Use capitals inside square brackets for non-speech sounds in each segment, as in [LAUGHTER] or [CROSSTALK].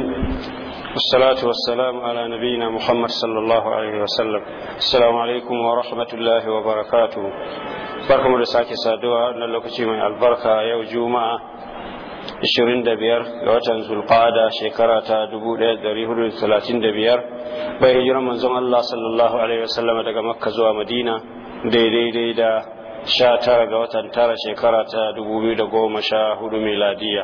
أجمعين والصلاة والسلام على نبينا محمد صلى الله عليه وسلم السلام عليكم ورحمة الله وبركاته barkamu da sake saduwa na lokaci mai albarka yau juma'a 25 ga watan zulqada shekara ta 1435 bai hijiran manzon Allah sallallahu alaihi wasallam daga makka zuwa madina daidai da 19 ga watan tara shekara ta 2014 miladiya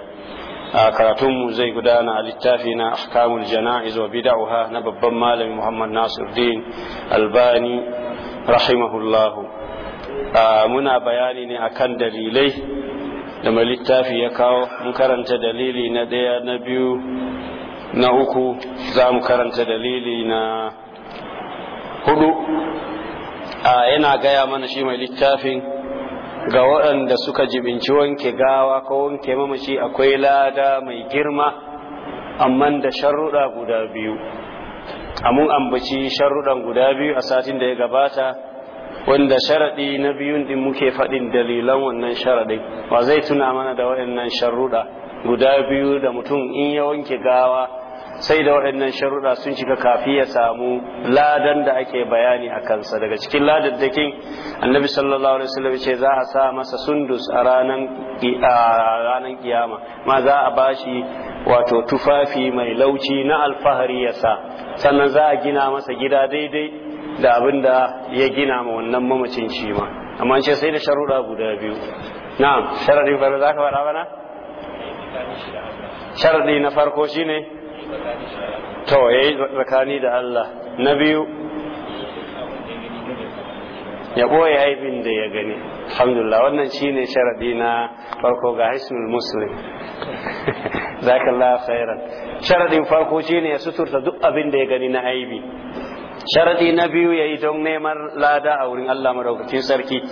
karatunmu zai gudana a littafi na ahkamul jana'iz wa bid'aha na babban malami Muhammad Nasiruddin Albani rahimahullahu muna bayani ne akan dalilai da mai littafi ya kawo mun karanta dalili na ɗaya na biyu na uku za mu karanta dalili na hudu yana gaya mana shi mai littafin ga waɗanda suka jibinci wanke gawa ko wanke mamaci akwai lada mai girma amma da sharruɗa guda biyu amun ambaci sharruɗan guda biyu a satin da ya gabata wanda sharaɗi na biyun ɗin muke faɗin dalilan wannan sharaɗin ba zai tuna mana da waɗannan sharruɗa guda biyu da mutum in ya wanke gawa sai da waɗannan sharuɗa sun shiga kafi ya samu ladan da ake bayani a kansa daga cikin ladaddakin annabi sallallahu alaihi wasallam ce za a sa masa sundus a ranan kiyama ma za a bashi wato tufafi mai lauci na alfahari ya sa sannan za a gina masa gida daidai da abin da ya gina ma wannan mamacin shi ma amma ce sai da sharuɗa guda biyu na'am sharadin farko za ka faɗa bana sharaɗi na farko shine ne to yayi tsakani da Allah na biyu ya ɓoye haifin da ya gani alhamdulillah wannan shi ne sharadi na farko ga hisnul muslim [LAUGHS] zakallahu khairan sharadin farko shi ne ya suturta duk abin da ya gani na aibi sharadi na biyu ya yi don neman lada a wurin Allah maraukacin sarki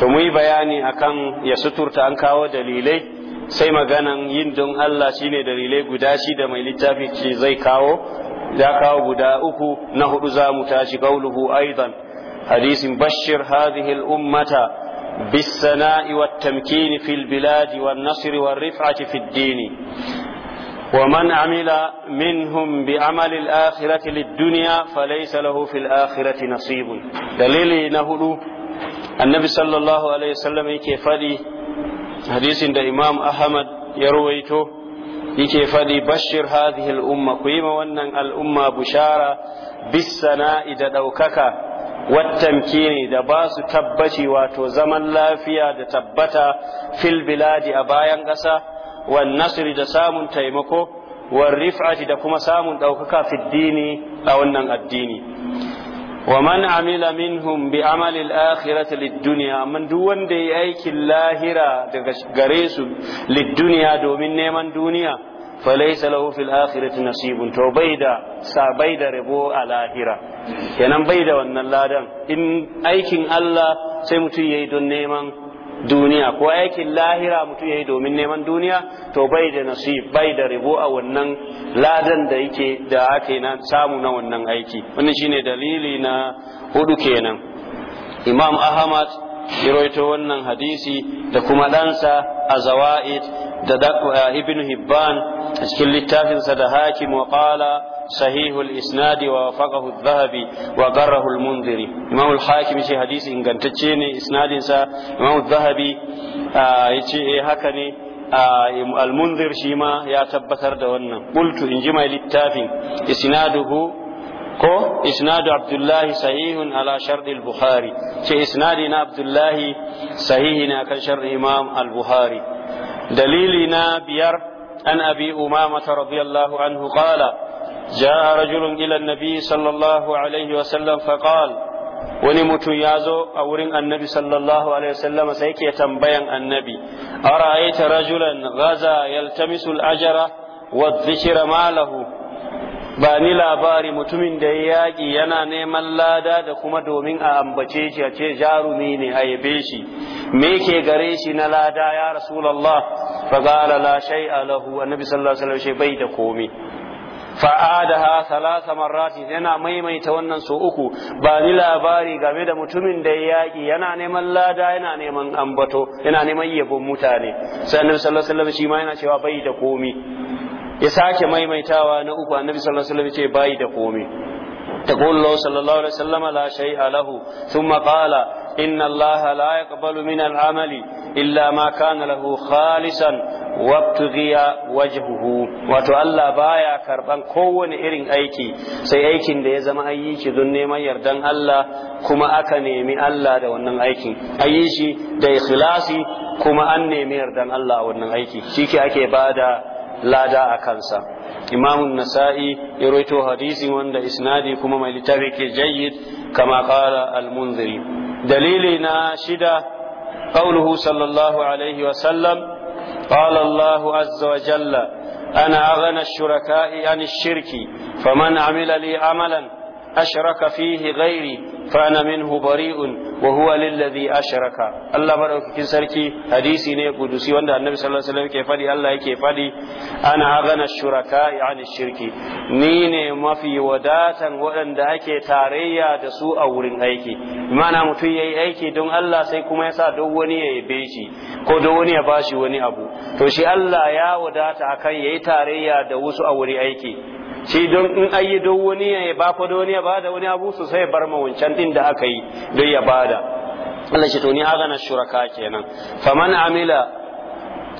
to mu yi bayani akan ya suturta an kawo dalilai sai maganan yin don Allah shine dalilai guda shi da mai littafi ce zai kawo ya kawo guda uku na hudu za mu tashi kauluhu aidan hadisin bashir hadhihi al-ummata bis-sana'i wat-tamkini fil biladi wa nasri war-rif'ati fid-din ومن عمل منهم بعمل الآخرة للدنيا فليس له في الآخرة نصيب دليل نهلو النبي صلى الله عليه وسلم كيف hadisin da imam ahmad ya rawaito yake faɗi bashir hadhihi al'umma ku yi ma wannan al'umma bushara bisana'i da ɗaukaka wattamkini da ba su tabbaci wato zaman lafiya da tabbata fil biladi a bayan ƙasa wan nasri da samun taimako wan rif'ati da kuma samun ɗaukaka fiddini a wannan addini wa man amila minhum bi amalil akhirati lid dunya man duk wanda yayi aikin lahira daga gare su lid domin neman duniya falaysa lahu fil akhirati nasibin to bai da sabai da rabo a lahira kenan da wannan ladan in aikin Allah sai mutum yayi don neman duniya ko aikin lahira mutum ya yi domin neman duniya to bai da nasib bai da ribo a wannan ladan da yake da ake na samu na wannan aiki wannan shine dalili na hudu kenan imam ahmad shiraito wannan hadisi da kuma ɗansa a zawa'id da eh, ibn hibban a cikin littafinsa da hakim wa qala sahihul isnadi wa wafaqahu adh wa qarrahu al-mundhiri imam hakim shi hadisi ingantacce ne isnadinsa imam adh-dhahabi eh, yace eh haka ne eh, al-mundhir shi ma ya tabbatar da wannan qultu in ji mai littafin isnaduhu ko isnadu abdullahi sahihun ala sharɗi al-bukhari ce isnadi na abdullahi sahihi na kan sharɗi imam al-bukhari dalili na biyar an abi umamata radiyallahu anhu qala جاء رجل إلى النبي صلى الله عليه وسلم فقال wani mutum ya zo a wurin annabi sallallahu alaihi wasallam sai ke tambayan annabi ara'aita rajulan ghaza yaltamisu al-ajra wa dhikra malahu ba ni labari mutumin da ya yaƙi yana neman lada da kuma domin a ambace shi a ce jarumi ne a yabe shi me ke gare shi na lada ya rasulullah fa qala la shay'a lahu annabi sallallahu alaihi wasallam bai da komai fa'adaha salasa marrati yana maimaita wannan so uku ba ni labari game da mutumin da ya yaƙi yana neman lada yana neman ambato yana neman yabon mutane sai annabi sallallahu alaihi wasallam shi ma yana cewa bai da komi. ya sake maimaitawa na uku annabi sallallahu alaihi wasallam ya ce bai da komai ta qul lahu sallallahu alaihi wasallam la shay'a lahu thumma qala inna allaha la yaqbalu min al-amali illa ma kana lahu khalisan wa tughiya wajhuhu wa allah baya karban kowani irin aiki sai aikin da ya zama ayi shi don neman yardan allah kuma aka nemi allah da wannan aiki ayi shi da ikhlasi kuma an nemi yardan allah a wannan aiki shi ke ake da. lada a kansa imamun nasa'i ya roito hadisi wanda isnadi kuma mai littafi ke jayyid kama qala al-munziri dalili na shida qawluhu sallallahu alaihi wa sallam qala Allahu azza wa jalla ana aghna ash-shuraka'i an ash-shirki faman amila li amalan ashraka fihi gairi. فانا منه بريء وهو للذي اشرك الله مدوكين سركي حديثي ne kudusi wanda annabi sallallahu alaihi wasallam ke fadi Allah yake faɗi. ana agana shuraka yani shirki ni ne mafi wadatan waɗanda ake tarayya da su a wurin aiki ma'ana mutum yayi aiki don Allah sai kuma yasa duk wani ya yabe shi ko duk wani ya bashi wani abu to shi Allah ya wadata akan yayi tarayya da wasu a wurin aiki shi don in an yi don wani ya ba fa wani ya bada wani abu su sai bar ma wancan din da aka yi don ya bada Allah shi to ni agana shuraka kenan faman amila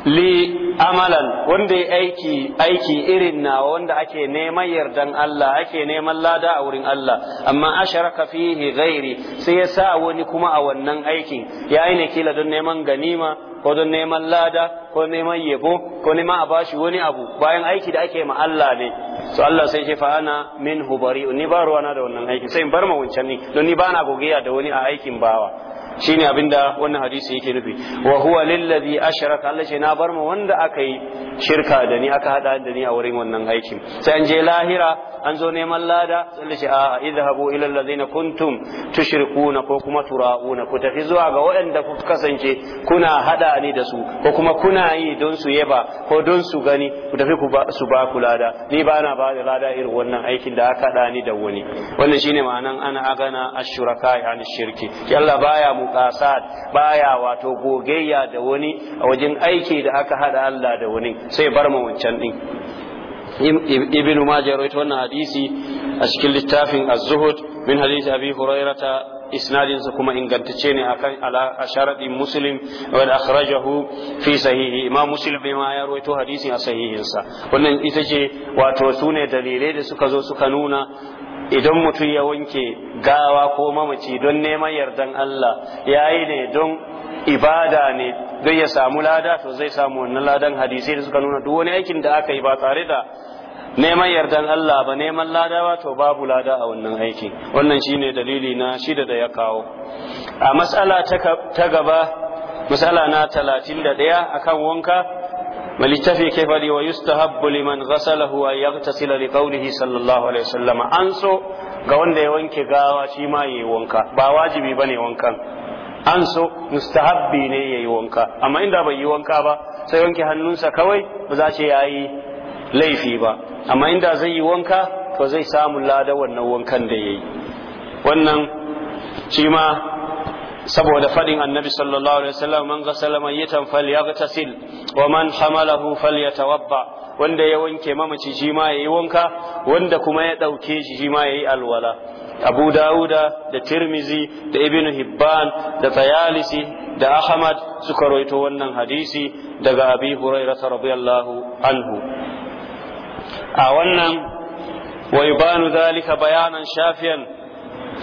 li amalan wanda ya aiki aiki irin na wanda ake neman yardan Allah ake neman lada a wurin Allah amma asharaka fihi ghairi sai ya sa wani kuma a wannan aikin ya aina kila don neman ganima ko don neman lada ko neman yabo ko neman a bashi wani abu bayan aiki da ake ma Allah ne so Allah sai ce fa min hubari ni ba ruwana da wannan aikin sai in bar ma wancan ni don ni ba na a da wani a aikin bawa shine abinda wannan hadisi yake nufi wa huwa lillazi ashraka Allah ce na bar mu wanda aka yi shirka da ni aka hada da ni a wurin wannan aikin sai an je lahira an zo neman lada sai ce a idhabu ila allazina kuntum tushrikuna ko kuma turauna ku tafi zuwa ga waɗanda ku kasance kuna hada ni da su ko kuma kuna yi don su yaba ko don su gani ku tafi su ba ku lada ni ba na ba da lada irin wannan aikin da aka hada ni da wani wannan shine ma'anan ana agana ashuraka yani shirki Allah baya mu muqasat baya wato gogayya da wani a wajen aiki da aka hada Allah da wani sai bar mu wancan din ibn majah rawaito wannan hadisi a cikin littafin az-zuhud min hadisi abi hurairata isnadinsa kuma ingantacce ne akan a sharadin muslim wa akhrajahu fi sahihi imam muslim bai ya rawaito hadisi a sahihinsa wannan ita ce wato sune dalilai da suka zo suka nuna idan mutum ya wanke gawa ko mamaci don neman yardan Allah ya yi ne don ibada ne don ya samu lada to zai samu wannan ladan hadisai da suka nuna duk wani aikin da aka yi ba tare da neman yardan Allah ba neman lada ba to babu lada a wannan aiki wannan shine dalili na shida da ya kawo a matsala ta gaba matsala na talatin da ɗaya akan wanka mai littafi ke faɗi wa yustahabbu liman ghasalahu an yaghtasila li qawlihi sallallahu alaihi wasallam an so ga wanda ya wanke gawa cima ma yayi wanka ba wajibi bane wankan an so mustahabbi ne yayi wanka amma inda bai yi wanka ba sai wanke hannunsa kawai ba za ce yayi laifi ba amma inda zai yi wanka to zai samu lada wannan wankan da yayi wannan cima. saboda fadin annabi sallallahu alaihi wasallam man ghasala mayyitan falyaghtasil wa man hamalahu falyatawabba wanda ya wanke mamaci shi ma yayi wanka wanda kuma ya dauke shi shi ma yayi alwala Abu Dawuda da Tirmizi da Ibnu Hibban da Tayalisi da Ahmad suka roito wannan hadisi daga Abi Hurairah radiyallahu anhu a wannan wa yubanu dhalika bayanan shafiyan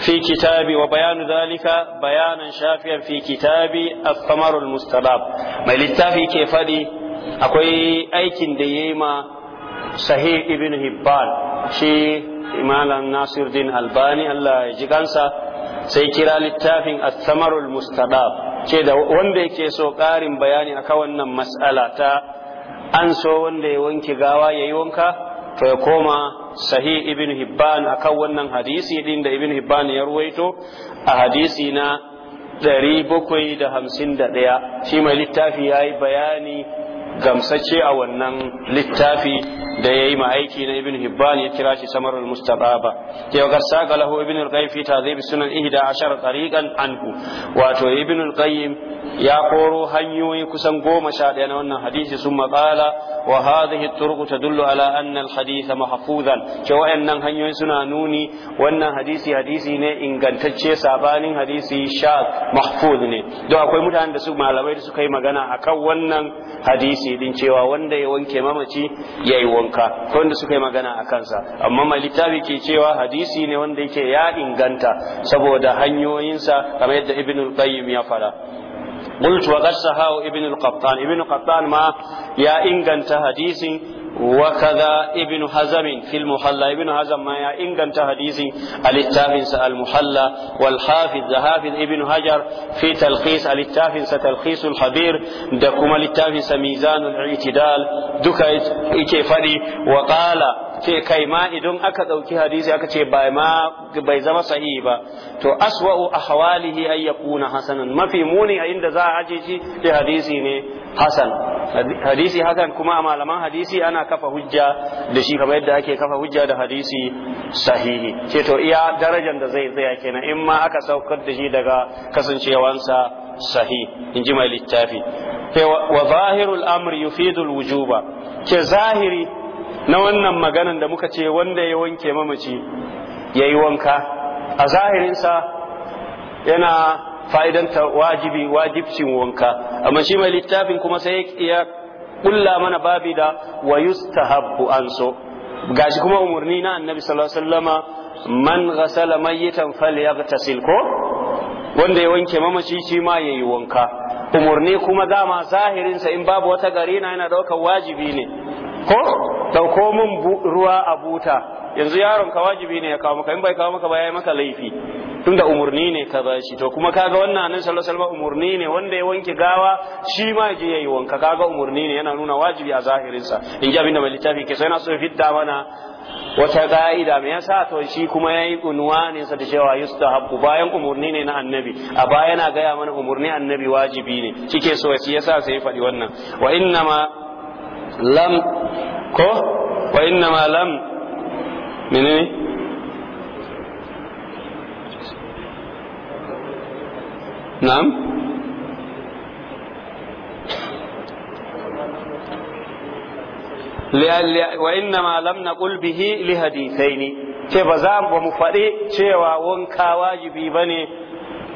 في كتابي وبيان ذلك بيانا شافيا في كتابي الثمر المستضاب ما للتافي كيف دي أكوي أيكن ديما صحيح ابن هبان شي إمام ناصر الدين الباني الله يجيكانسا سيكرا للتافي الثمر المستضاب ce da wanda yake so ƙarin bayani akan wannan mas'ala ta an so wanda ya wanke gawa ya yi wanka to ya koma sahih ibn hibban akan wannan hadisi din da ibn hibban ya ruwaito a hadisi na 751 shi mai littafi ya yi bayani gamsace a wannan littafi da yayi ma aiki na ibn hibban ya kira shi samarul mustaqaba ya ga saka lahu ibn al-qayyim fi tadhib sunan 11 tariqan anhu wato ibn al-qayyim ya koro hanyoyi kusan goma sha ɗaya na wannan hadisi sun maƙala wa hadhihi turqu tadullu ala anna al-haditha mahfuzan ce wayannan hanyoyi suna nuni wannan hadisi hadisi ne ingantacce sabanin hadisi sha mahfuz ne don akwai mutanen da su malamai da suka yi magana akan wannan hadisi din cewa wanda ya wanke mamaci ya yi wanka wanda suka yi magana a kansa amma mai littafi ke cewa hadisi ne wanda yake ya inganta saboda hanyoyinsa kamar yadda ibn qayyim ya fara قلت وقد سهاه ابن القطان ابن القطان ما يا إنغنت حديثي وكذا ابن حزم في المحلى ابن حزم ما يا انغنت حديثي الاتافنس المحلى والحافظ ذهافذ ابن حجر في تلخيص الاتافنس تلخيص الخبير دكما الاتافنس ميزان الاعتدال دكا ايكي فدي وقال ce kai ma idan aka ɗauki hadisi aka ce bai ma bai zama sahihi ba to aswa'u ahwalihi ay yakuna hasanan mafi muni a inda za a aje shi ce hadisi ne hasan hadisi hasan kuma a malaman hadisi ana kafa hujja da shi kamar yadda ake kafa hujja da hadisi sahihi ce to iya darajar da zai tsaya kenan in ma aka saukar da shi daga kasancewansa sahih in ji mai littafi wa zahirul amri yufidul wujuba ke zahiri na wannan maganan da muka ce wanda ya wanke mamaci ya yi wanka a zahirinsa yana fa'idanta wajibi wajibcin wanka amma shi mai littafin kuma sai ya kulla mana babi da wa yustahabbu an so gashi kuma umarni na annabi sallallahu alaihi wasallama man ghasala mayyitan falyaghtasil ko wanda ya wanke mamaci shi ma yayi wanka umarni kuma dama zahirinsa in babu wata garina yana daukar wajibi ne ko dauko min ruwa a buta yanzu yaron ka wajibi ne ya kawo maka in bai kawo maka ba yayi maka laifi tunda umurni ne ka bashi to kuma kaga wannan annabi sallallahu alaihi wasallam umurni ne wanda ya wanke gawa shi ma je yayi wanka kaga umurni ne yana nuna wajibi a zahirin sa in ji abinda mai littafi ke so na so fitta mana wata ka'ida me yasa to shi kuma yayi ne sa da cewa yustahabu bayan umurni ne na annabi a baya yana gaya mana umurni annabi wajibi ne ke so shi yasa sai ya faɗi wannan wa inna ma lam ko wa innama lam menene na'am wa innama lam naqul bihi li hadithaini ce ba za mu faɗi cewa wanka wajibi bane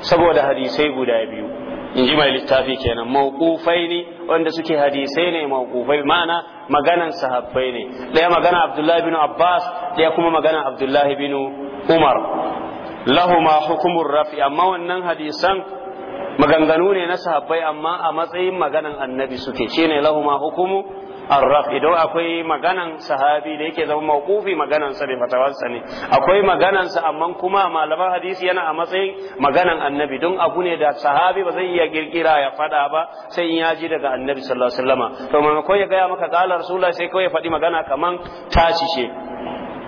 saboda hadisai guda biyu in ji mai littafi kenan mawqufai ne wanda suke hadisai ne mawqufai ma'ana maganan sahabbai ne daya magana abdullahi bin abbas daya kuma magana abdullahi bin umar lahuma hukumur rafi amma wannan hadisan maganganu ne na sahabbai amma a matsayin maganan annabi suke shine lahuma hukumu arraf idan akwai maganan sahabi da yake zama mawqufi maganan sa ne fatawarsa ne akwai maganan sa amma kuma malaman hadisi yana a matsayin maganan annabi don abu ne da sahabi ba zai iya kirkira ya fada ba sai in ya ji daga annabi sallallahu alaihi wasallama to maimakon ya gaya maka qala rasulullah sai kawai ya faɗi magana kaman tashi ce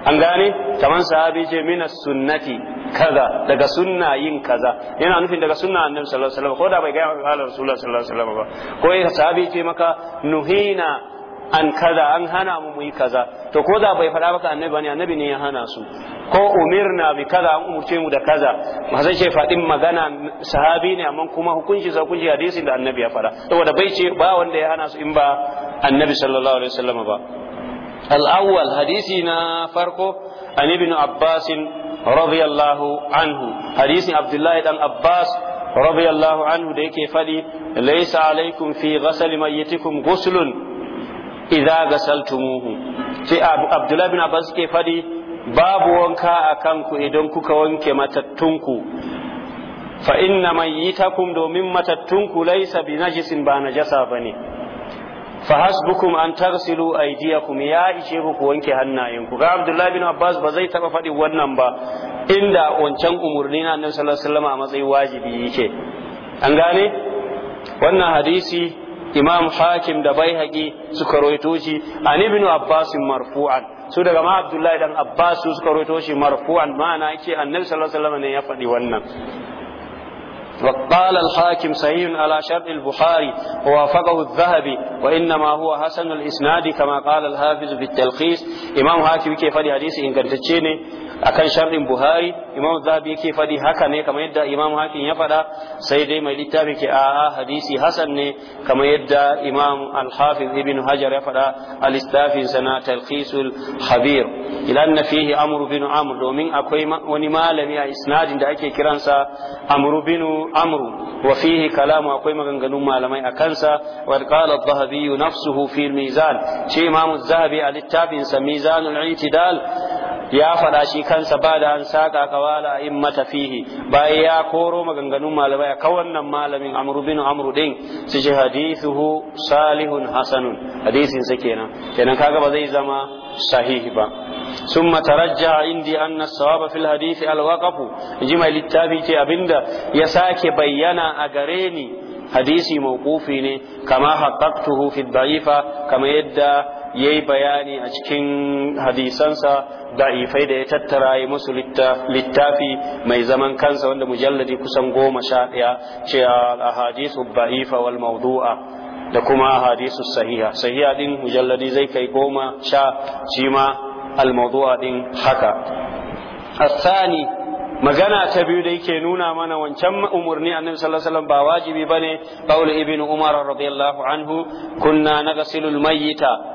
an gane kaman sahabi ce minas sunnati kaza daga sunna yin kaza yana nufin daga sunna annabi sallallahu alaihi wasallam ko da bai ga qala rasulullah sallallahu alaihi wasallam ba ko sahabi ce maka nuhina an kaza an hana mu muyi kaza to ko da bai faɗa baka annabi bane annabi ne ya hana su ko umirna bi kaza an umurce mu da kaza ba zai ce faɗin magana sahabi ne amma kuma hukunci sa hukunci hadisin da annabi ya faɗa saboda bai ce ba wanda ya hana su in ba annabi sallallahu alaihi wasallam ba al-awwal hadisi na farko an ibn abbas radiyallahu anhu hadisin abdullahi dan abbas radiyallahu anhu da yake faɗi laysa alaikum fi ghasl mayyitikum ghuslun idza ghasaltumuhu sai abdullahi bin abbas ke fadi babu wanka a kanku idan kuka wanke matattunku fa inna mayyitakum domin matattunku laysa bi najisin ba najasa bane fa hasbukum an tarsilu aydiyakum ya ishe ku wanke hannayenku ga abdullahi bin abbas ba zai taba faɗi wannan ba inda wancan umurni na annabi sallallahu alaihi wasallam a matsayin wajibi yake an gane wannan hadisi imam hakim da baihaqi suka rawaito shi an ibn abbas marfu'an su daga ma abdullahi dan abbas suka rawaito marfu'an ma'ana yake annabi sallallahu alaihi wasallam ne ya faɗi wannan وقال الحاكم صحيح على شرط البخاري ووافقه الذهبي وإنما هو حسن الإسناد كما قال الحافظ في التلخيص إمام حاكم كيف حديث إن كنت ne. akan sharhin buhari imam zahabi yake fadi haka ne kamar yadda imam hakim ya fada sai dai mai littafi ke a hadisi hasan ne kamar yadda imam al-hafiz ibn hajar ya fada a littafin sana talqisul khabir na fihi amr bin amr domin akwai wani malami a isnadin da ake kiransa amr bin amr wa fihi kalamu akwai maganganun malamai a kansa wa qala adh-dhahabi nafsuhu fi al-mizan shi imam zahabi a littafin sa mizanul i'tidal ya faɗa shi kansa ba da an saka kawala in mata fihi bayan ya koro maganganun malamai ka wannan malamin amru bin amru din su ce hadithuhu salihun hasanun hadisin sa kenan kenan kaga ba zai zama sahihi ba summa tarajja indi anna sawaba fil hadith al waqf ji mai littafi ce abinda ya sake bayyana a gare ni hadisi mawqufi ne kama haqqaqtuhu fi dha'ifa kama yadda ya yi bayani a cikin hadisansa da'ifai da ya tattara musu littafi mai zaman kansa wanda mujalladi kusan goma sha ɗaya ce a hadisu ba'ifa wal maudu'a da kuma hadisu sahiha sahiha din mujalladi zai kai goma sha shi ma al maudu'a din haka asani magana ta biyu da yake nuna mana wancan umarni annabi sallallahu alaihi wasallam ba wajibi bane qaul Ibin umar radiyallahu anhu kunna naghsilu al-mayyita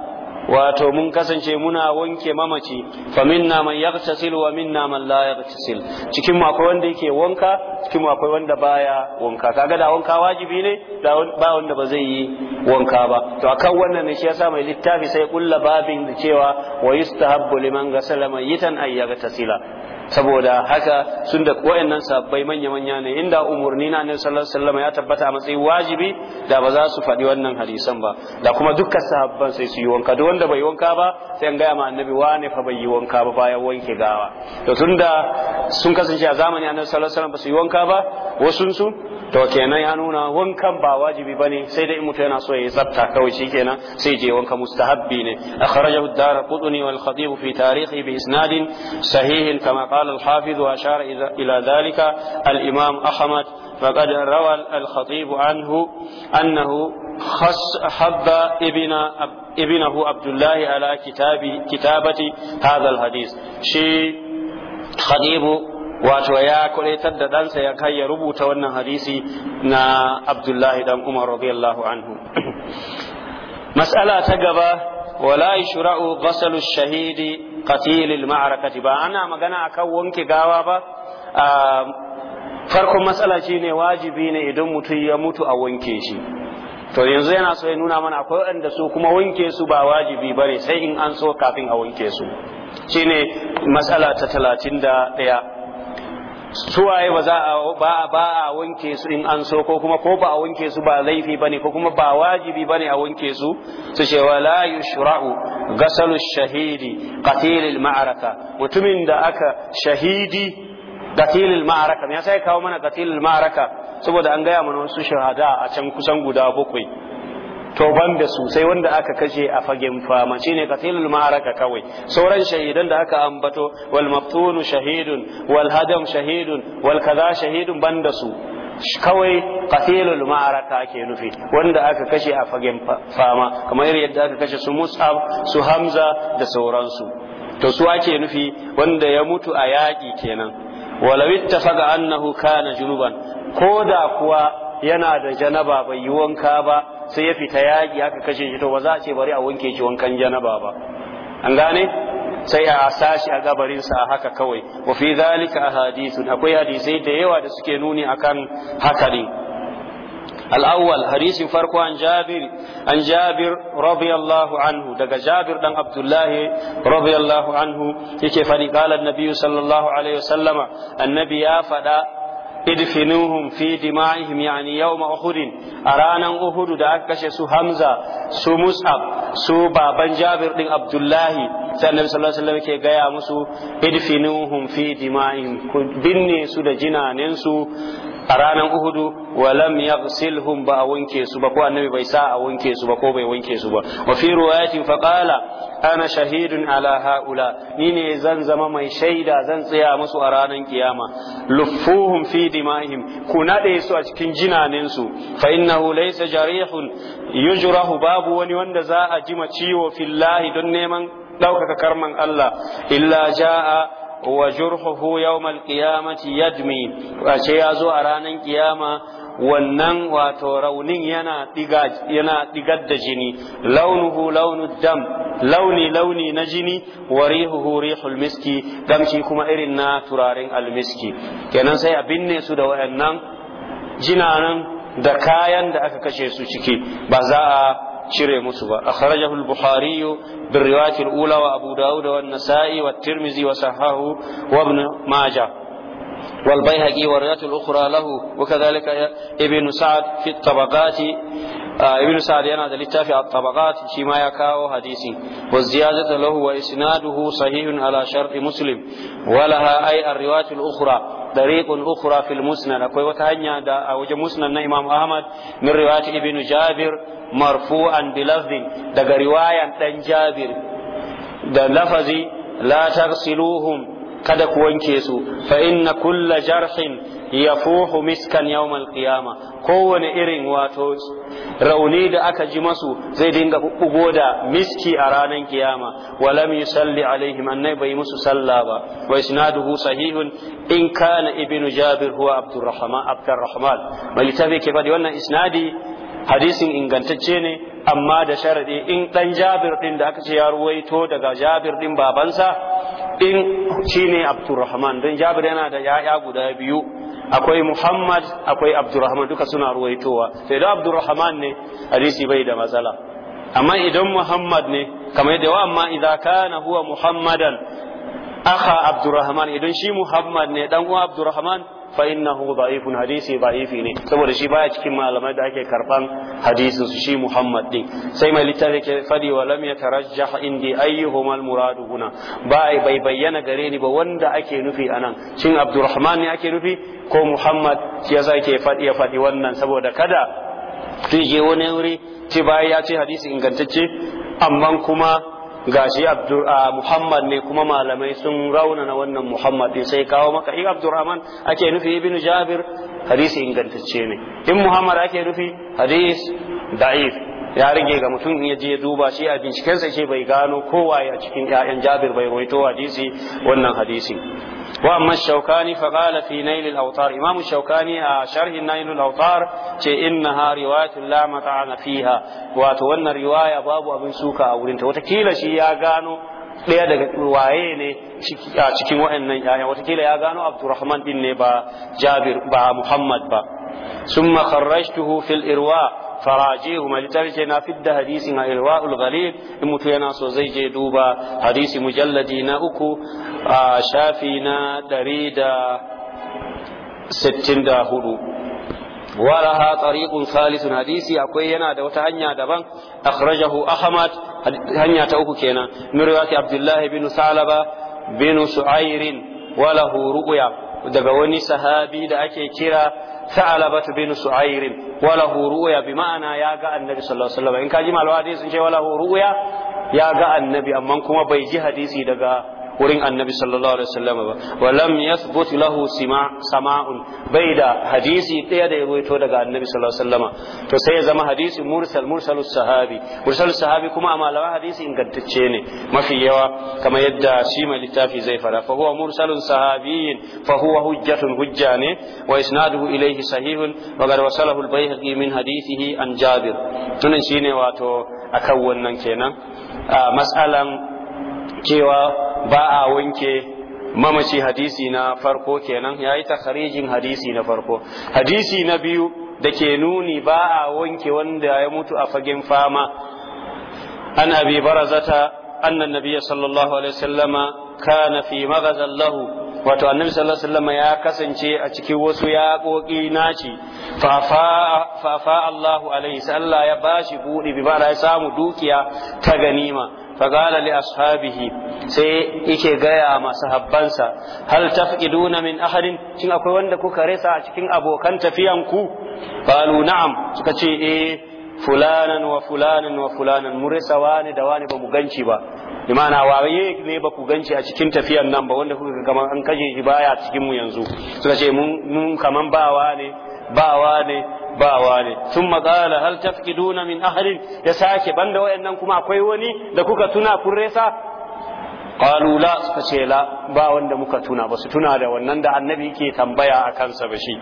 wato mun kasance muna wanke mamaci fa minna man yaghtasil wa minna man la yaghtasil cikin mu akwai wanda yake wanka cikin mu akwai wanda baya wanka kaga da wanka wajibi ne da ba wanda ba zai yi wanka ba to akan wannan ne shi yasa mai littafi sai kulla babin da cewa wa yustahabbu liman ghasala mayitan ay yagtasila saboda haka sun da wayannan sabbai manya-manya ne inda umarni na annabi sallallahu alaihi ya tabbata a matsayin wajibi da ba za su faɗi wannan hadisan ba da kuma dukkan sahabban sai su yi wanka duk wanda bai wanka ba sai an gaya ma annabi wane fa bai yi wanka ba bayan wanke gawa to tunda sun kasance a zamani annabi sallallahu alaihi wasallam ba su yi wanka ba wasu su to kenan ya nuna wankan ba wajibi bane sai dai mutum yana so ya tsafta kawai shikenan sai je wanka mustahabbi ne akhrajahu ad-darqutni wal khatib fi tarihi bi isnadin sahihin kama قال الحافظ وأشار إلى ذلك الإمام أحمد فقد روى الخطيب عنه أنه خص حب ابن ابنه عبد الله على كتاب كتابة هذا الحديث شي خطيب wato ya kuraitar da ɗansa ya kai ya rubuta wannan hadisi na abdullahi dan umar radiyallahu anhu mas'ala ta gaba wala yushra'u ghasalu shahidi qatilil ma'arakati ba ana magana akan wanke gawa ba farkon matsala shine wajibi ne idan mutum ya mutu a wanke shi to yanzu yana so ya nuna mana akwai waɗanda su kuma wanke su ba wajibi ba ne sai in an so kafin a wanke su shine matsala ta talatin da ɗaya suwaye ba za a ba a wanke su in an so ko kuma ko ba a wanke su ba laifi bane ko kuma ba wajibi bane a wanke su su ce wa la yushra'u ghasalu shahidi qatilil ma'araka mutumin da aka shahidi qatilil ma'araka me yasa ya kawo mana qatilil ma'araka saboda an gaya mana wasu shahada a can kusan guda bakwai to da su sai wanda aka kashe a fagen fama shine katilul ma'araka kawai sauran shahidan da aka ambato wal maftunu shahidun wal hadam shahidun wal kaza shahidun banda su kawai katilul ma'araka ake nufi wanda aka kashe a fagen fama kamar yadda aka kashe su mus'ab su hamza da sauransu to su ake nufi wanda ya mutu a yaƙi kenan walau ittafaqa annahu kana junuban ko da kuwa yana da janaba bai yi wanka ba sai ya fita yaƙi aka kashe shi to ba za a ce bari a wanke shi wankan janaba ba an gane sai a sashi a gabarinsa a haka kawai wa fi zalika ahadithun akwai hadisai da yawa da suke nuni akan haka ne الأول حديث فرق عن جابر عن جابر رضي الله عنه دقى جابر بن عبد الله رضي الله عنه يكي قال النبي صلى الله عليه وسلم النبي يا فدا idfinuhum fi dima'ihim yani yawma uhud a ranan uhudu da aka kashe su hamza su mus'ab su baban jabir din abdullahi sai annabi sallallahu alaihi wasallam ke gaya musu idfinuhum fi dima'ihim ku binne su da jinanen su a ranar uhudu walam silhun ba a wanke su ba ko annabi bai sa a wanke su ba ko bai wanke su ba wa fi riwayatin ana shahidun ala haula ni ne zan zama mai shaida zan tsaya musu a ranar kiyama luffuhum fi dima'ihim ku nade su a cikin jinanin su fa innahu laysa jarihun yujrahu babu wani wanda za a jima ciwo fillahi don neman ɗaukaka karman Allah illa ja'a wa jurhuhu yawmal qiyamati yadmi ce ya zo a ranar kiyama wannan wato raunin yana diga yana digar da jini launuhu launu dam launi launi na jini wa rihuhu rihul miski damshi kuma irin na turaren almiski kenan sai a binne su da wayannan jinanan da kayan da aka kashe su ciki ba za a cire musu ba akhrajahu al-bukhari bil riwayat al-ula wa abu daud wa an-nasa'i wa at-tirmidhi wa sahahu wa ibn majah والبيهقي والرواية الأخرى له وكذلك ابن سعد في الطبقات ibn sa'ad yana da littafi a tabaqat shima ya kawo hadisi wa ziyadatu lahu wa isnaduhu sahihun ala shart muslim wa laha ay ar-riwayat al-ukhra طريق أخرى في المسند أكوي وتهنيا دا أوجه مسند إمام أحمد من رواية ابن جابر مرفوعا بلفظ دا رواية دان جابر دا لفظي لا تغسلوهم kada ku wanke su fa inna kulla jarhin yafuhu miskan yawmal qiyama kowane irin wato rauni da aka ji masu zai dinga bugo da miski a ranar kiyama walam yusalli alaihim annai bai musu salla ba wa isnaduhu sahihun in kana ibnu jabir huwa abdurrahman abdurrahman mai tabi ke fadi wannan isnadi hadisin ingantacce ne amma da sharadi in dan jabir din da aka ce ya ruwaito daga jabir din babansa in shine abdurrahman don jabir yana da yaya guda biyu akwai muhammad akwai abdurrahman duka suna ruwaitowa sai da abdurrahman ne hadisi bai da matsala amma idan muhammad ne kamar da wa amma idza kana huwa muhammadan akha abdurrahman idan shi muhammad ne dan uwa abdurrahman fa innahu da'ifun hadisi da'ifi ne saboda shi baya cikin malamai da ake karban hadisin su shi Muhammad din sai mai littafi ke fadi wa lam yatarajjah indi ayyuhuma muradu murad huna ba bai bayyana gare ni ba wanda ake nufi anan shin Abdurrahman ne ake nufi ko Muhammad ya sake fadi ya fadi wannan saboda kada tuje wani wuri ci baya ya ce hadisi ingantacce amma kuma gashi ah, Muhammad ne kuma malamai sun rauna na wannan Muhammad din sai kawo maka in Abdurrahman ake nufi ibn Jabir hadisi ingantacce ne in Muhammad ake nufi hadis da'if ya rage ga mutum ya je duba shi a binciken ce bai gano kowa a cikin 'ya'yan Jabir bai rawaito hadisi wannan hadisi وأما الشوكاني فقال في نيل الأوطار إمام الشوكاني شرح نيل الأوطار شيء إنها رواية لا مطعن فيها واتونا رواية باب أبن سوكا أولنت وتكيل شيء يغانو ɗaya daga waye ne a cikin waɗannan ƴaƴan watakila ya gano abdurrahman din ne ba jabir ba muhammad ba Sun kharrajtuhu fil irwa faraje ma littafi na fidda hadisin a irwa'ul ghalib in mutu yana so zai je duba hadisi mujalladi na uku a shafi na ɗari da sittin da hudu ولها طريق ثالث حديثي أكوي ينا دوت هنيا دبان أخرجه أحمد هنيا ta كينا من رواية عبد الله بن ثعلبة بن شعير وله رؤيا daga wani sahabi da ake kira sa'ala batu bin su'airin wa lahu ru'ya bi ma'ana ya ga annabi sallallahu alaihi in ka ji malwa hadisi sun ce wa lahu ya ga annabi amma kuma bai ji hadisi daga wurin annabi sallallahu alaihi wasallam ba walam yathbut lahu sama'un bai da hadisi ɗaya da ya ruwaito daga annabi sallallahu alaihi wasallam to sai ya zama hadisi mursal mursalus sahabi mursalus sahabi kuma a malaman hadisi ingantacce ne mafi yawa kamar yadda shi mai littafi zai fara fa huwa mursalun sahabiyyin fa huwa hujjatun hujja ne wa isnaduhu ilayhi sahihun wa qad wasalahu al-bayhaqi min hadithihi an jabir tunan shine wato akan wannan kenan a matsalan cewa ba a wanke mamaci hadisi na farko kenan ya yi takharijin hadisi na farko hadisi na biyu da ke nuni ba a wanke wanda ya mutu a fagen fama an abi barazata annan nabiya sallallahu alaihi sallama. kana fi maghazan lahu wato annabi sallallahu alaihi wasallam ya kasance a cikin wasu yaƙoƙi naci fafa Allahu alaihi sallallahu Allah ya bashi buɗe bi ba ya samu dukiya ta ganima فقال لأصحابه سي sai yake gaya ma sahabbansa hal tafqiduna min ahadin shin akwai wanda kuka rasa a cikin abokan tafiyan ku qalu na'am suka ce eh fulanan wa fulanan wa fulanan wani imana waye ne ba ku ganci a cikin tafiyan nan ba wanda kuka kaman an kaje shi baya cikin mu yanzu suka ce mun kaman bawa ne bawa ne ba wani sun matsala hal duna min ahalin ya sake banda nan kuma akwai wani da kuka tuna kun resa qalu la suka ce ba wanda muka tuna ba su tuna da wannan da annabi ke tambaya a kansa ba shi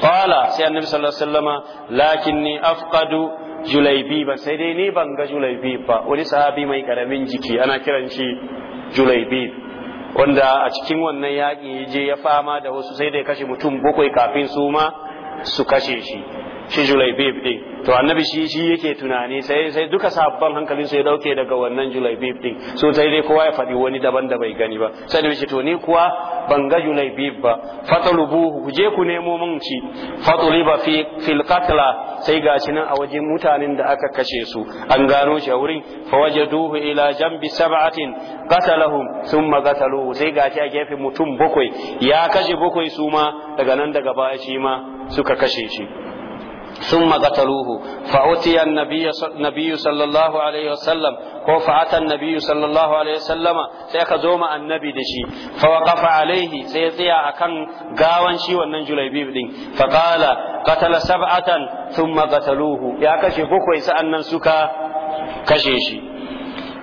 qala sai annabi sallallahu alaihi wasallama lakinni afqadu julaibi ba sai dai ni ban ga julaibi ba wani sahabi mai karamin jiki ana kiran shi julaibi wanda a cikin wannan yaƙi ya je ya fama da wasu sai dai kashe mutum bakwai kafin su ma su kashe shi shi julaibib din to annabi shi shi yake tunani sai sai duka sabban hankalin su ya dauke daga wannan julaibib din so sai dai kowa ya faɗi wani daban da bai gani ba sai da shi to ni kuwa ban ga julaibib ba fatalubuhu ku je ku nemo mun ci fatuliba fi fil qatla sai gashi nan a wajen mutanen da aka kashe su an gano shi a wurin fawajaduhu ila jambi sab'atin qatalahum thumma qataluhu sai gashi a gefe mutum bakwai ya kashe bakwai su ma daga nan daga baya shi ma suka kashe shi ثم قتلوه فأتي النبي النبي صلى الله عليه وسلم هو فأتى النبي صلى الله عليه وسلم سيخزوم النبي دشي فوقف عليه سيطيع أكن قاوان شي ونن جليبيب دين فقال قتل سبعة ثم قتلوه يا كشي فكوي سأنن سكا كشيشي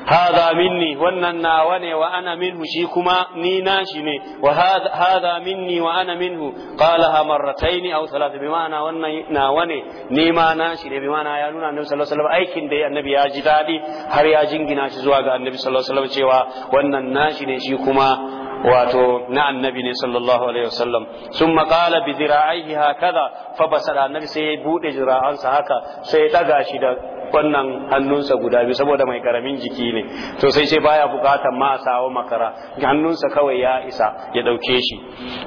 hadha minni wannan nawa ne wa shi kuma ni nashi ne wa hadha minni wa ana minhu qalaha marratayn aw thalath bi ma'ana wannan nawa ne ni ma nashi ne bi ma'ana ya nuna annabi sallallahu alaihi wasallam annabi ya ji daɗi har ya jingina shi zuwa ga annabi cewa wannan nashi ne shi kuma wato na annabi ne sallallahu alaihi wasallam summa qala bi dhira'ihi hakaza fa basara annabi sai ya bude zira'ansa haka sai ya daga shi da wannan hannunsa guda biyu saboda mai karamin jiki ne to sai ce baya bukatan ma sawo makara hannunsa kawai ya isa ya dauke shi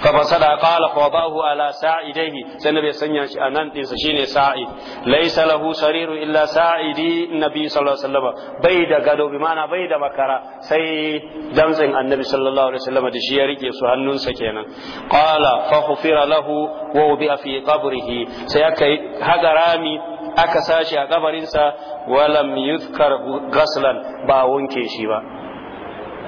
fa fasada qala qadahu ala sa'idaihi sai nabi sanya shi anan din sa shine sa'id laysa lahu sariru illa sa'idi nabi sallallahu alaihi wasallam bai da gado bi mana bai da makara sai damtsin annabi sallallahu alaihi wasallam da shi ya rike su hannunsa kenan qala fa khufira lahu wa ubi fi qabrihi sai aka haga rami aka sashi a kabarinsa walam yuzkar gaslan ba wanke shi ba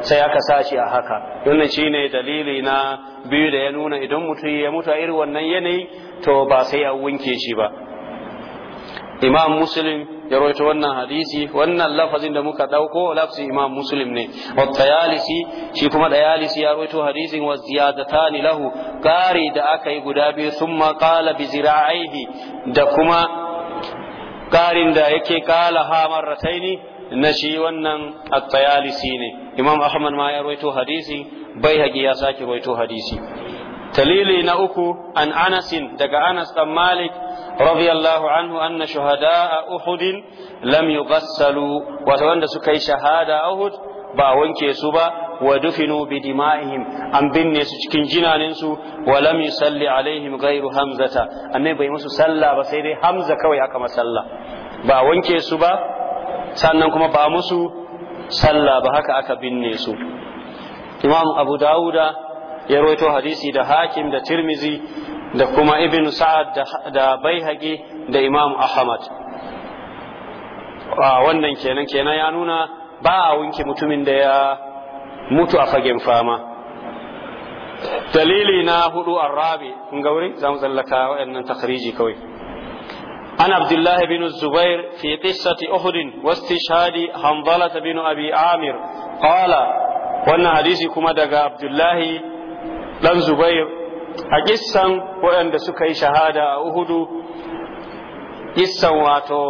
sai aka sashi a haka wannan shine dalili na biyu da ya nuna idan mutum ya mutu a iri wannan yanayi to ba sai a wanke shi ba imam muslim ya rawaito wannan hadisi wannan lafazin da muka dauko lafazin imam muslim ne wa tayalisi shi kuma dayalisi ya rawaito hadisin wa ziyadatan lahu qari da aka yi guda biyu sun qala bi zira'aihi da kuma ƙarin da yake kala ha marrataini na shi wannan at-tayalisi ne imam ahmad ma ya rawaito hadisi bai haƙi ya sake rawaito hadisi dalili na uku an anasin daga anas dan malik radiyallahu anhu anna shuhada'a uhud lam yughassalu wanda suka yi shahada uhud ba wanke su ba wa dufinu bi dima'ihim an binne su cikin jinanin su wa lam yusalli alaihim ghairu hamzata annabi bai musu sallah ba sai dai hamza kawai aka masalla ba wanke su ba sannan kuma ba musu sallah ba haka aka binne su imam abu dauda ya rawaito hadisi da hakim da tirmizi da kuma ibn sa'ad da baihaqi da imam ahmad wannan kenan kenan ya nuna ba a wanke mutumin da ya mutu a fagen fama dalili na hudu arabi kun ga wuri za mu tsallaka waɗannan takhriji kawai an abdullahi bin zubair fi qissati uhud wa istishhadi hanzala bin abi amir qala wannan hadisi kuma daga abdullahi dan zubair a kissan waɗanda suka yi shahada a uhudu kissan wato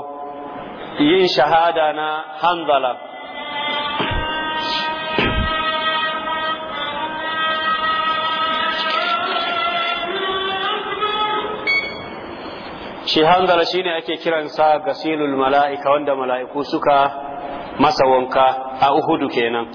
yin shahada na hanzala shi hanzala shi ne ake kiran kiransa gasilul mala'ika wanda mala'iku suka masa wanka a uhudu kenan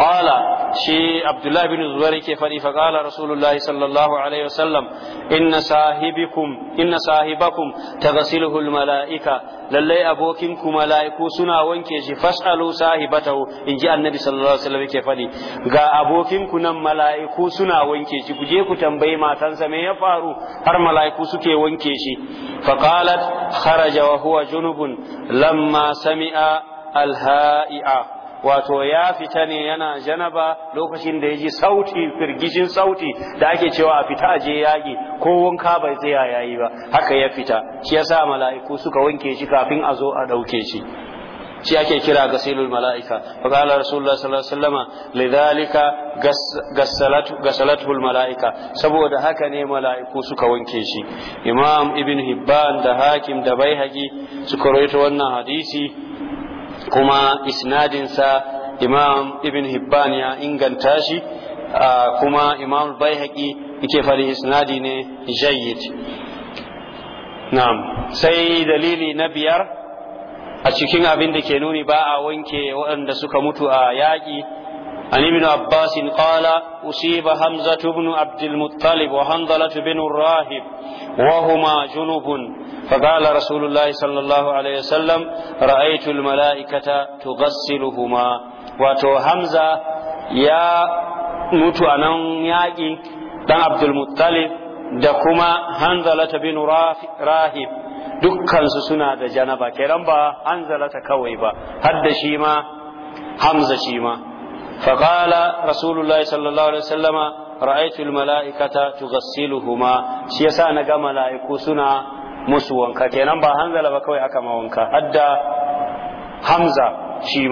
qala shi abdullah bin zubair yake faɗi fa qala sallallahu alaihi wasallam inna sahibikum inna sahibakum taghsiluhu almalaika lallai abokin ku malaiku suna wanke shi fasalu sahibatahu inji annabi sallallahu alaihi wasallam yake faɗi ga abokin ku nan malaiku suna wanke shi ku je ku tambayi matansa me ya faru har malaiku suke wanke shi fa qalat kharaja wa huwa junubun lamma sami'a alha'i'a wato ya fita ne yana janaba lokacin da ya ji sauti firgishin sauti da ake cewa a fita je yaƙi ko wanka bai tsaya yayi ba haka ya fita shi yasa mala'iku suka wanke shi kafin a zo a ɗauke shi shi ake kira gasilul mala'ika fa kala rasulullah sallallahu alaihi wasallam lidhalika gassalatu gassalatu mala'ika saboda haka ne mala'iku suka wanke shi imam ibn hibban da hakim da baihaqi suka rawaito wannan hadisi kuma isnadinsa imam ibn hibban ya inganta shi kuma imam baihaqi yake fari isnadi ne jayyid na'am sai dalili na biyar a cikin abin da ke nuni ba a wanke waɗanda suka mutu a yaƙi عن ابن عباس قال أصيب حمزة بن عبد المطلب وحنظلة بن الراهب وهما جنوب فقال رسول الله صلى الله عليه وسلم رأيت الملائكة تغسلهما واتو حمزة يا mutu anan nan yaƙi ɗan abdulmuttalib da kuma hanzalata bin rahib dukkansu suna da janaba kenan ba hanzalata kawai ba har da hamza shi فقال رسول الله صلى الله عليه وسلم رأيت الملائكة تغسلهما شيسا نقا ملائكو سنا musu wanka kenan ba hanzala ba kawai aka ma wanka hadda hamza shi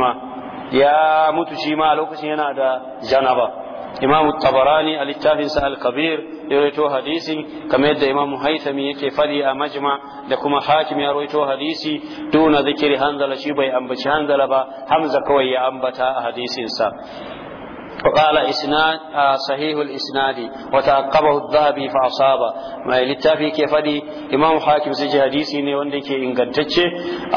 ya mutu shi a lokacin yana da janaba imamu tabarani a littafinsa al-kabir ya rawaito hadisi kamar yadda imamu haithami yake faɗi a majma da kuma hakim ya rawaito hadisi duna zikiri hanzala shi bai ambaci hanzala ba hamza kawai ya ambata a hadisinsa وقال إسناد صحيح الإسناد وتعقبه الذهبي فأصاب ما للتافي كيف دي إمام حاكم سجي حديثي ني وندي كي إنغنتشي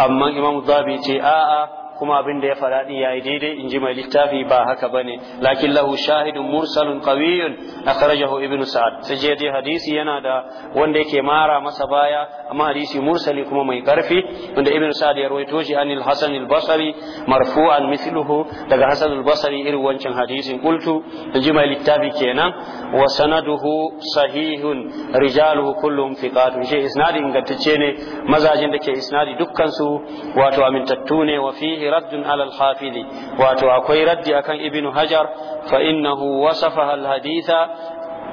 أما إمام الذهبي تي آآ kuma abin da ya faɗa din yayi daidai in ji mai littafi ba haka bane lakin lahu shahidun mursalun qawiyyun akhrajahu ibnu sa'ad sai dai hadisi yana da wanda yake mara masa baya amma hadisi mursali kuma mai karfi wanda ibnu sa'ad ya rawaito shi anil hasan al basri marfu'an mithluhu daga hasan al basri irin wancan hadisin qultu in ji mai littafi kenan wa sanaduhu sahihun rijaluhu kullum thiqatun shi isnadi ingantacce ne mazajin da ke isnadi dukkan su wato amintattu ne wa fihi الرازي رد على الحافظ واتو أكوي رد أكن ابن حجر فإنه وصفها الحديث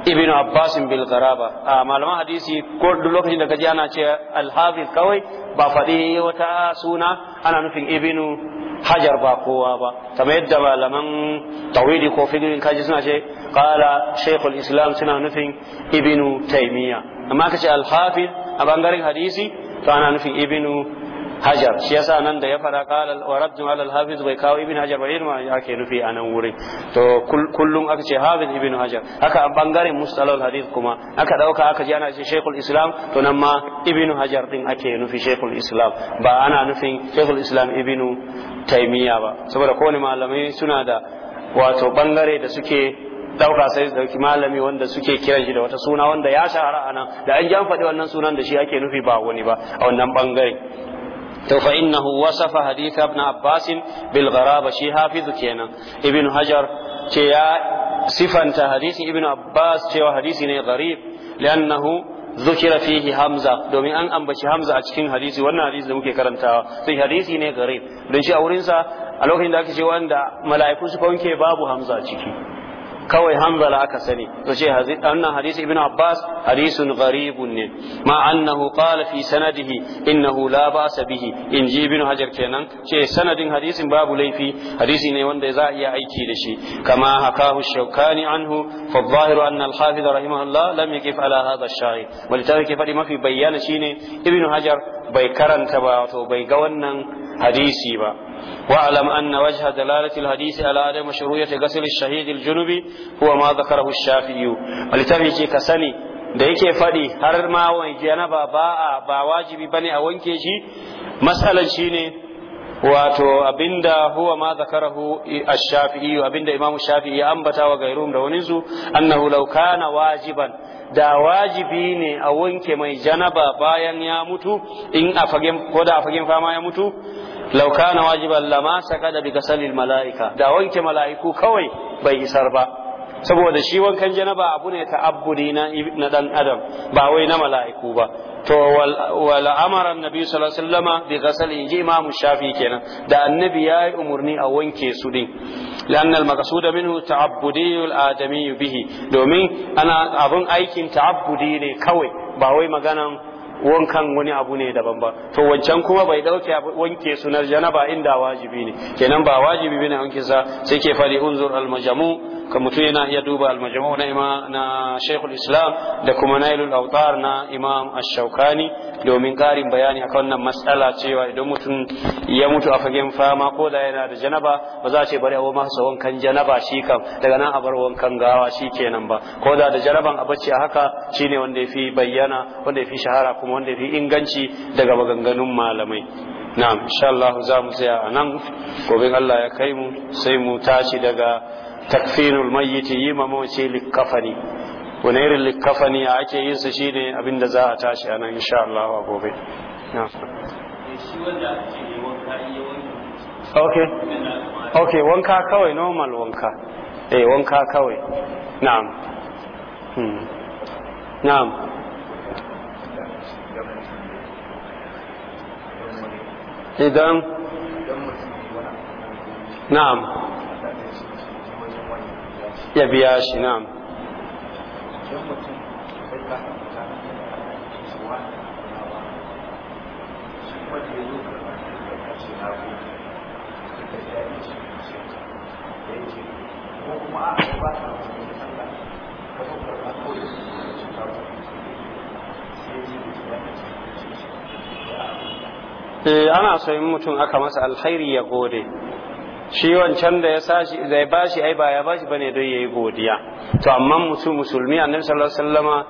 ibn abbas a malaman hadisi ko lokacin da je ana ce al kawai ba faɗi wata suna ana nufin Ibinu hajar ba kowa ba kamar yadda malaman tawili ko fikirin kaji suna ce qala shaykhul islam suna nufin Ibinu taimiyya. amma kace al-hafiz a bangaren hadisi to ana nufin Ibinu. hajar shi yasa nan da ya fara qala wa raddun ala al-hafiz bai kawo ibn hajar ba irma ake nufi a nan wurin to kullum aka ce hafiz ibn hajar haka a bangaren mustalahul hadith kuma aka dauka aka ji ana ce shaykhul islam to nan ma ibn hajar din ake nufi shaykhul islam ba ana nufin shaykhul islam ibn taymiya ba saboda kowane malamai suna da wato bangare da suke dauka sai dauki malami wanda suke kiran shi da wata suna wanda ya shahara a nan da an jan faɗi wannan sunan da shi ake nufi ba wani ba a wannan bangare to fa innahu wasafa hadith ibn abbas bil gharaba shi hafizu kenan ibn hajar ce ya sifanta hadisi ibn abbas cewa hadisi ne gharib li'annahu ذكر فيه hamza domin an ambaci hamza a cikin hadisi wannan hadisi da muke karantawa sai hadisi ne garib don shi a wurinsa a lokacin da ake ce wanda mala'iku suka wanke babu hamza ciki kawai hanzala aka sani to ce annan hadisi ibn abbas hadisun gharibun ne ma annahu qala fi sanadihi innahu la ba'sa bihi in ji ibn hajar kenan ce sanadin hadisin babu laifi hadisi ne wanda za a iya aiki da shi kama hakahu shaukani anhu fa zahiru anna al hafiz rahimahullah lam yakif ala hadha ash-shahid wal tariki fadi mafi bayyana shine ibn hajar bai karanta ba to bai ga wannan hadisi ba واعلم أن وجه دلالة الحديث على عدم شروعية غسل الشهيد الجنوبي هو ما ذكره الشافعي ولتمشي كسني da yake faɗi har ma wanke na ba ba ba wajibi bane a wanke shi matsalan shine wato abinda huwa ma zakarahu ash-shafi'i abinda imam shafi'i ya ambata wa gairum da wani su annahu law kana wajiban da wajibi ne a wanke mai janaba bayan ya mutu in a fagen ko da a fagen fama ya mutu law kana wajiban lama sakada bi kasalil malaika da wanke malaiku kawai bai isar ba saboda shi wankan janaba abu ne ta abudi na dan adam ba wai na malaiku ba to wal amara annabi sallallahu alaihi bi ghasali ji imam shafi kenan da annabi yayi umurni a wanke su din لأن al منه bihi domin ana دومين aikin أبن ne kawai ba wai maganan wankan wani abu ne daban ba to wancan kuma bai dauke wanke sunar janaba inda wajibi ne kenan ba wajibi bane wanke sa sai ke fari unzur al majmu ka mutu yana iya duba al majmu na imam na shaykhul islam da kuma nailul awtar na imam ash-shawkani domin karin bayani akan wannan mas'ala cewa idan mutum ya mutu a fagen fama ko da yana da janaba ba za a ce bari a sa wankan janaba shi kam daga nan a bar wankan gawa shi kenan ba ko da da janaban a a haka shine wanda ya fi bayyana wanda ya fi shahara kuma wanda fi inganci daga maganganun malamai na'am insha Allah za mu tsaya a nan gobe Allah ya kai mu sai mu tashi daga takfinul mayyiti yi ma mace likafani wani irin likafani a ake yin su shine abin da za a tashi a nan insha Allah a gobe Okay. Okay, wanka kawai normal wanka. Eh, wanka kawai. Na'am. Hmm. Na'am. idan na'am ya biya shi na'am Thank you. أنا أصلي متون هكا مسألة الخير يقولي شيء أن شن ذا ساش ذا باش أي با يباش بني ذي يقولي تأمم متون مسلمي أن صلى الله عليه وسلم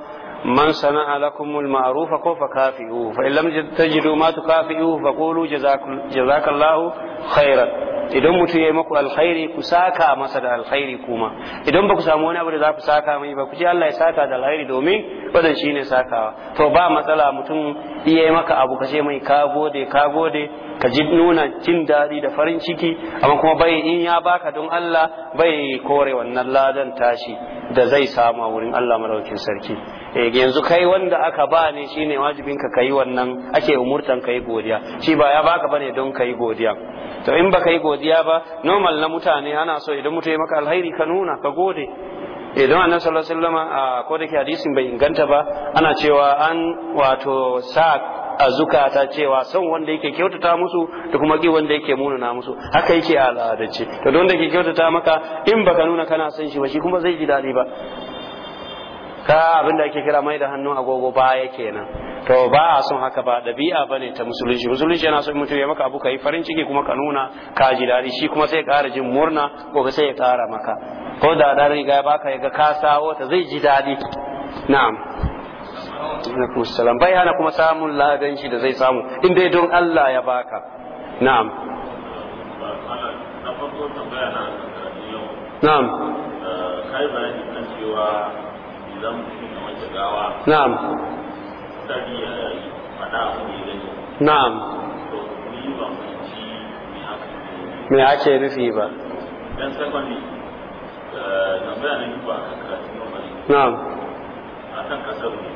من صنع لكم المعروف كوف كافئوه فإن لم تجدوا ما تكافئوه فقولوا جزاك جزاك الله خيرا idan mutum ya yi maku alkhairi ku saka masa da alkhairi kuma idan ba ku samu wani abu da za ku saka mai ba ku ji Allah ya saka da alkhairi domin wadan shi ne sakawa to ba matsala mutum iya yi maka abu ka mai ka gode ka gode ka ji nuna jin daɗi da farin ciki amma kuma bai in ya baka don Allah bai kore wannan ladan tashi da zai samu wurin Allah madaukin sarki eh, yanzu kai wanda aka ba ne shine wajibin ka kai wannan ake umurtan kai godiya shi ba ya baka bane don kai godiya to in baka yi godiya ba normal na mutane ana so idan mutum ya maka alheri ka nuna ka gode idan eh, annabi sallallahu alaihi wasallam a kodake hadisin bai inganta ba ana cewa an wato sa a zukata cewa son wanda yake kyautata musu da kuma ki wanda yake munana musu haka yake a al'adance to don da yake kyautata maka in baka nuna kana son shi ba shi kuma zai ji daɗi ba ka abin da ake kira mai da hannu agogo baya kenan to ba a son haka ba ɗabi'a bane ta musulunci musulunci yana son mutum ya maka abu ka yi farin ciki kuma ka nuna ka ji daɗi shi kuma sai kara jin murna ko sai ya kara maka ko da dan riga ya baka ya ga ka sawo ta zai ji daɗi na'am bai hana kuma samun ladan shi da zai samu in dai don Allah ya baka na'am na'am kai bayani kan cewa idan mutum ya gawa na'am na'am me ake nufi ba dan na'am kasar ne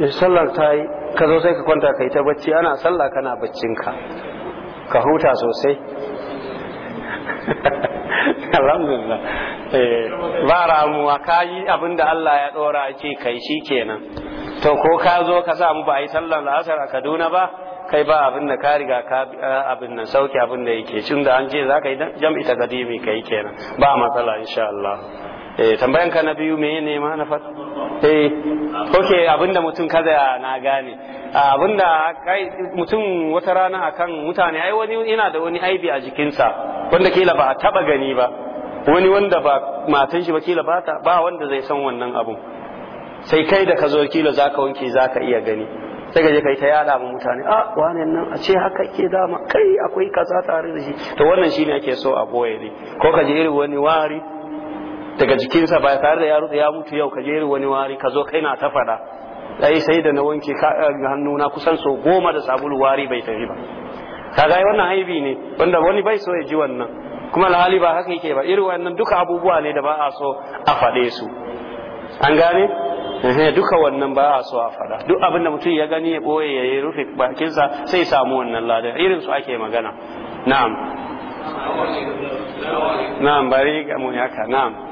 sallar ta yi ka zo sai ka kwanta ka yi ta bacci ana sallah kana baccinka ka huta sosai [LAUGHS] alhamdulillah eh, ba ramuwa ka yi abin da Allah ya ɗora ake kai shi kenan to ko ka zo ka samu ba a yi sallar la'asar a kaduna ba kai ba abin da ka riga ka eh, abin nan sauke abin da yake cin da an ce za ka yi jam'i ta gadi mai kai kenan ba matsala insha Allah eh, tambayanka na biyu me ne ma na fata eh okay abinda mutum kada na gane abinda mutum wata rana akan mutane ai wani yana da wani aibi a jikinsa wanda kila ba a taba gani ba wani wanda ba matan shi ba kila ba ta ba wanda zai san wannan abun sai kai da ka zo kila za ka wanke za ka iya gani sai gaje kai ta yada mu mutane a ah, wane nan a ce haka ke dama kai akwai kaza tare da shi to wannan shine ake so a boye ne ko ka je irin wani wari daga jikinsa ba tare da ya ya mutu yau ka jere wani wari ka zo kai na ta fada ai sai da na wanke eh, hannuna kusan so goma da sabulu wari bai tafi ba kaga wannan haibi ne wanda wani bai so ya ji wannan kuma alhali ba haka yake ba irin wannan duka abubuwa ne da ba a so a faɗe su an gane duka wannan ba a so a faɗa duk abinda mutum ya gani ya ɓoye ya yi rufe bakinsa sai samu wannan ladan irin su ake magana na'am na'am bari ga mu haka na'am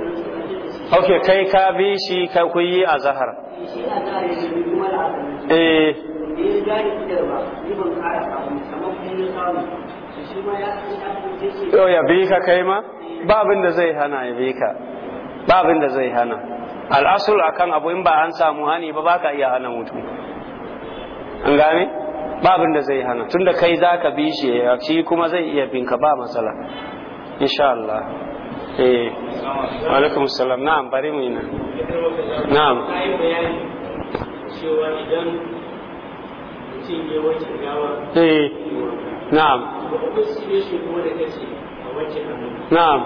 ok kai ka bi shi ka kuyi yi a zahar eh oh, ya bi ka kai ma ba abin da zai hana ya bi ka ba abin da zai hana al'asul akan abu in ba an samu hani ba ba ka iya hana mutum an gane ba abin da zai hana tunda kai za ka bi shi shi kuma zai iya bin ka ba matsala insha Allah eh wa alaikum salam na'am bari mu ina na'am cewa idan mutum ya wace gawa eh na'am na'am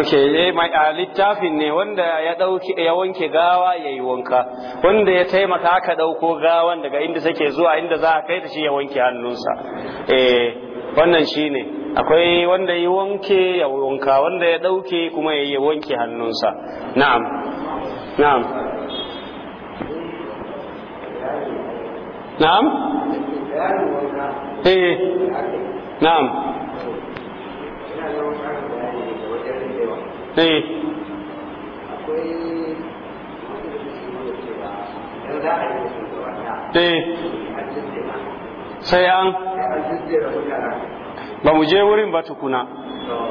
okay eh mai a littafin ne wanda ya dauki ya wanke gawa yayi wanka wanda ya taimaka aka dauko gawan daga inda sake zuwa inda za a kai ta shi ya wanke hannunsa eh wannan shine akwai wanda ya wanke ya wanka wanda ya ɗauke kuma ya yi wanke hannunsa na'am na'am na'am eh na'am eh akwai eh. sai an ba mu je wurin ba tukuna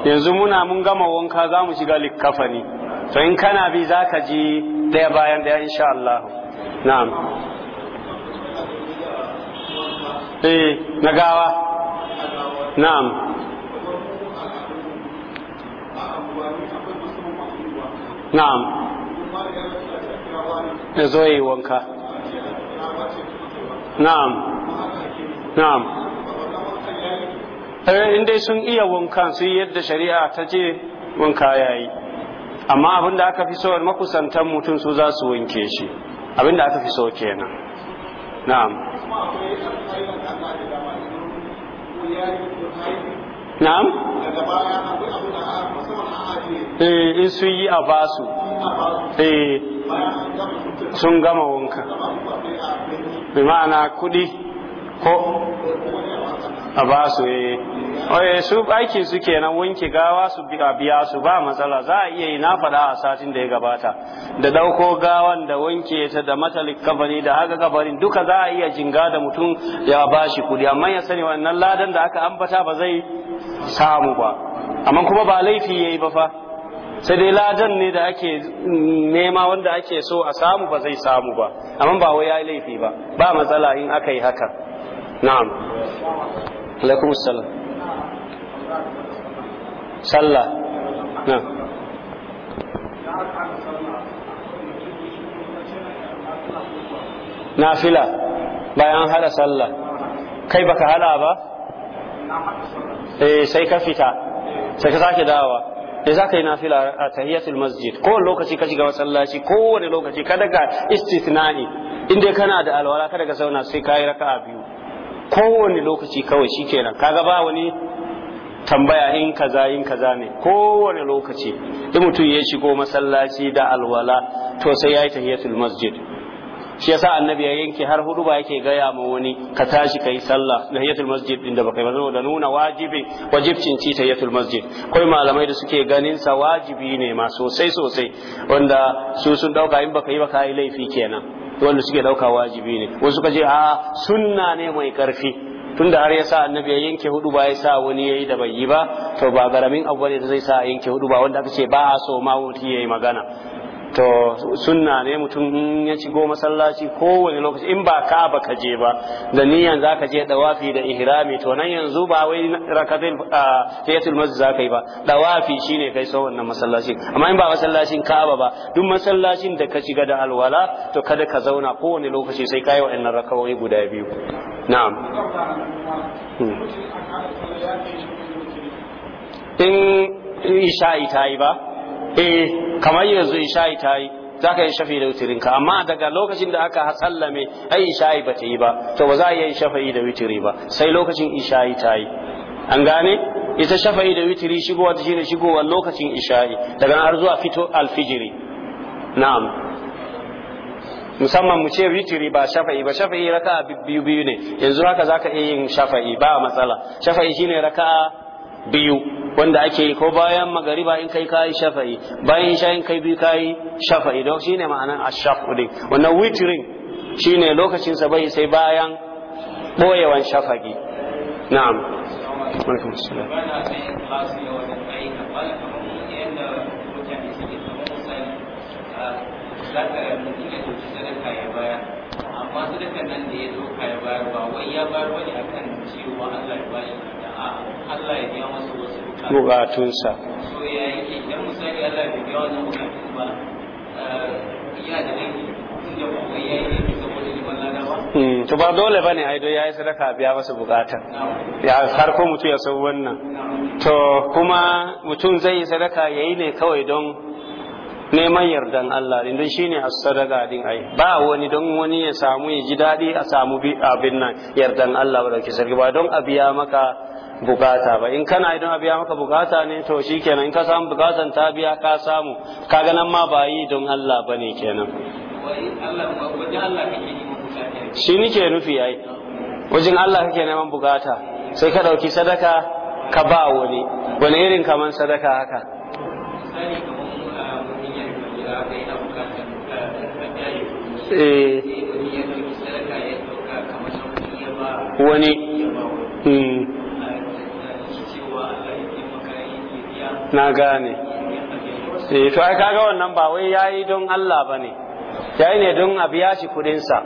yanzu muna mun gama wanka za mu shiga likafani to in kana bi za ka ji daya bayan daya insha Allah na'am eh na gawa na'am na'am ya zo yi wanka na'am na'am Eh, in dai sun iya wankan su yadda shari'a ta ce wanka ya yi amma abin da aka fi so makusantan mutum su za su wanke shi abin da aka fi so kenan na'am na'am eh in sun yi a basu eh sun gama wanka bi ma'ana kuɗi ko a basu eh su aiki su kenan wanke gawa su biya su ba matsala za a iya yi na faɗa a satin da ya gabata da ɗauko gawan da wanke ta da matalik kabari da haka kabarin duka za a iya jinga da mutum ya ba shi kuɗi amma ya sani wannan ladan da aka ambata ba zai samu ba amma kuma ba laifi ya yi ba fa sai dai ladan ne da ake nema wanda ake so a samu ba zai samu ba amma ba wai ya yi laifi ba ba matsala in aka yi haka na'am alaikum sallah na nafila bayan hada sallah kai baka hada ba eh sai ka fita sai ka sake dawa da eh, za ka yi nafila a tahiyatul masjid kowane lokaci ka shiga masallaci kowane lokaci ka daga istithna'i inda kana da alwala ka daga sauna sai ka yi raka'a biyu kowane lokaci kawai shikenan kaga ba wani tambaya in kaza in kaza ne kowane lokaci in mutum ya shigo masallaci da alwala to sai ya yi tahiyatul masjid shi yasa annabi ya yanke har hudu ba yake gaya ma wani ka tashi kai sallah tahiyatul masjid din da baka ba da nuna wajibi wajibcin ci tahiyatul masjid kai malamai da suke ganin sa wajibi ne ma sosai sosai wanda su sun dauka in baka yi ba kai laifi kenan wanda suke dauka wajibi ne wasu kaje a sunna ne mai karfi Tun tunda har yasa annabi ya yanke hudu ba ya sa wani yayi da bai yi ba to ba garamin abu ne zai sa yanke hudu ba wanda aka ce ba a so ma wuti yayi magana to sunna ne mutum ya shigo masallaci kowane lokaci in ba ka ba ka je ba da niyan zaka je dawafi da ihrami to nan yanzu ba wai rakatul tayatul masjid zaka yi ba dawafi shine kai so wannan masallaci amma in ba masallacin Ka'aba ba duk masallacin da ka shiga da alwala to kada ka zauna kowane lokaci sai kai wa'annan rakawoyi guda biyu na'am hmm. in isha'i ta yi ba eh kamar yanzu isha'i ta yi za ka yi shafi da ka, amma daga lokacin da aka sallame ai isha'i ba ta yi ba to ba za a yi shafa'i da witiri ba sai lokacin isha'i ta yi an gane ita shafa'i da witiri shigowa ta shine shigowa lokacin isha'i daga har zuwa fito alfijiri na'am musamman mu ce witiri ba shafa'i ba shafa'i raka'a biyu biyu ne yanzu haka zaka iya yin shafa'i ba matsala shafa'i shine raka'a biyu wanda ake yi ko bayan magariba in kai kayi shafa'i bayan isha in kai biyu kayi shafa'i don shine ma'anan ashaf din wannan witrin shine lokacin sa bai sai bayan boyewan shafa'i na'am alaikum assalam amma su nan da ya zo ba wai ya bayar wani akan cewa Allah ya bashi bukatunsa eh, hmm, to ba dole bane ai do yayi sadaka biya masa bukata ya har ko mutum ya san wannan to kuma mutum zai yi sadaka yayi ne kawai don neman yardan Allah din don shine as-sadaqa din ai ba wani don wani ya samu ya ji daɗi a samu abin nan yardan Allah ba sarki ba don a biya maka bukata ba in kana idan a biya maka bukata ne to shi kenan in ka samu bukatan ta biya ka samu ga nan ma ba yi don Allah ba ne kenan shi nike nufi ya yi wajen Allah kake neman bukata sai ka ɗauki sadaka ka ba wani wani irin kaman sadaka haka eh. wani hmm. na gane eh, to ai kaga wannan ba wai yayi don Allah bane yayi ne don a biya shi kudin sa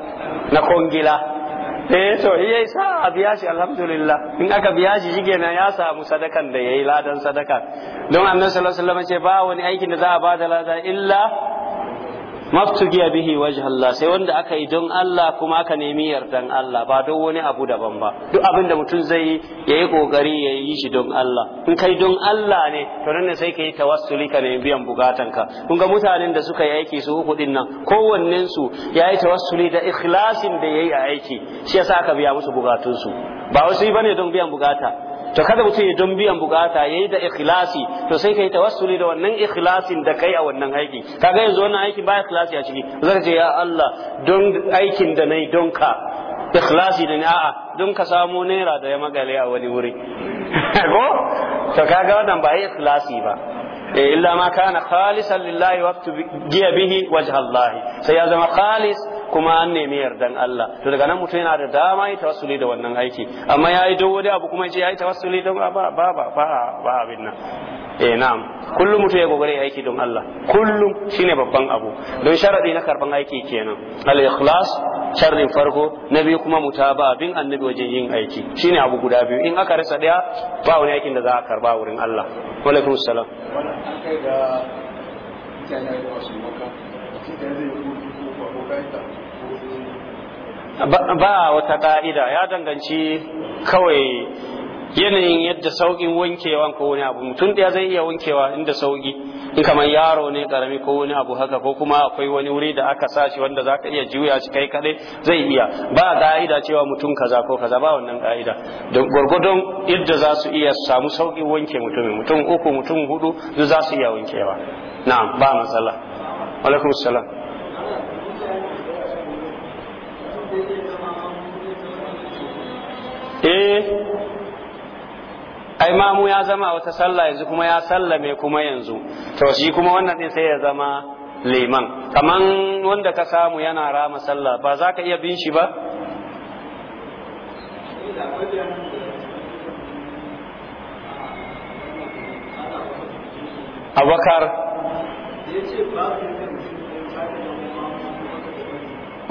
na kongila eh to yayi sa a biya shi alhamdulillah in aka biya shi shikenan ya samu sadakan da yayi ladan sadaka don annabi sallallahu alaihi wasallam ce ba wani aikin da za a bada ladan illa maftugiya bihi wajh Allah sai wanda aka yi don Allah kuma aka nemi yardan Allah ba don wani abu daban ba duk abin da mutum zai yi yayi kokari ya yi shi don Allah in kai don Allah ne to nan ne sai kai tawassuli ka nemi biyan bukatanka kun ga mutanen da suka yi aiki su uku din nan kowannen su yayi tawassuli da ikhlasin da yayi a aiki shi yasa aka biya musu bukatunsu ba wasu bane don biyan bukata to kada mutum ya don biyan bukata yayi da ikhlasi to sai kai tawassuli da wannan ikhlasin da kai a wannan aiki kaga yanzu wannan aikin ba ikhlasi a ciki zaka ce ya Allah don aikin da nayi don ka ikhlasi da ni a'a don ka samu naira da ya magale a wani wuri [LAUGHS] ko to kaga wannan ba ikhlasi ba eh, illa ma kana khalisan lillahi wa bihi wajha Allah sai ya zama khalis kuma an nemi yardan Allah to daga nan mutum yana da dama ya tawassuli da wannan aiki amma ya yi dawo abu kuma ya yi tawassuli don ba ba ba ba abin nan eh na'am kullum mutum ya gogare aiki don Allah kullum shine babban abu don sharadi na karban aiki kenan al ikhlas sharrin farko na biyu kuma mutaba bin annabi wajen yin aiki shine abu guda biyu in aka rasa daya ba wani aikin da za a karba wurin Allah wa alaikum salam mutane da wasu maka shi da zai yi kudu ko abokan ba wata ka'ida ya danganci kawai yanayin yadda sauƙin wankewa ko wani abu mutum ɗaya zai iya wankewa inda sauƙi in kamar yaro ne karami ko wani abu haka ko kuma akwai wani wuri da aka sa shi wanda ka iya juya shi kai kaɗai zai iya ba ka'ida cewa mutum kaza ko kaza ba wannan ka'ida don gwargwadon yadda za su iya samu sauƙin wanke mutumin mutum uku mutum hudu za su iya wankewa na'am ba matsala alaikum salam eh ai mamu ya zama wata sallah yanzu kuma ya sallame kuma yanzu to shi kuma wannan din sai ya zama liman kaman wanda ka samu yana rama sallah ba za ka iya bin shi ba abakar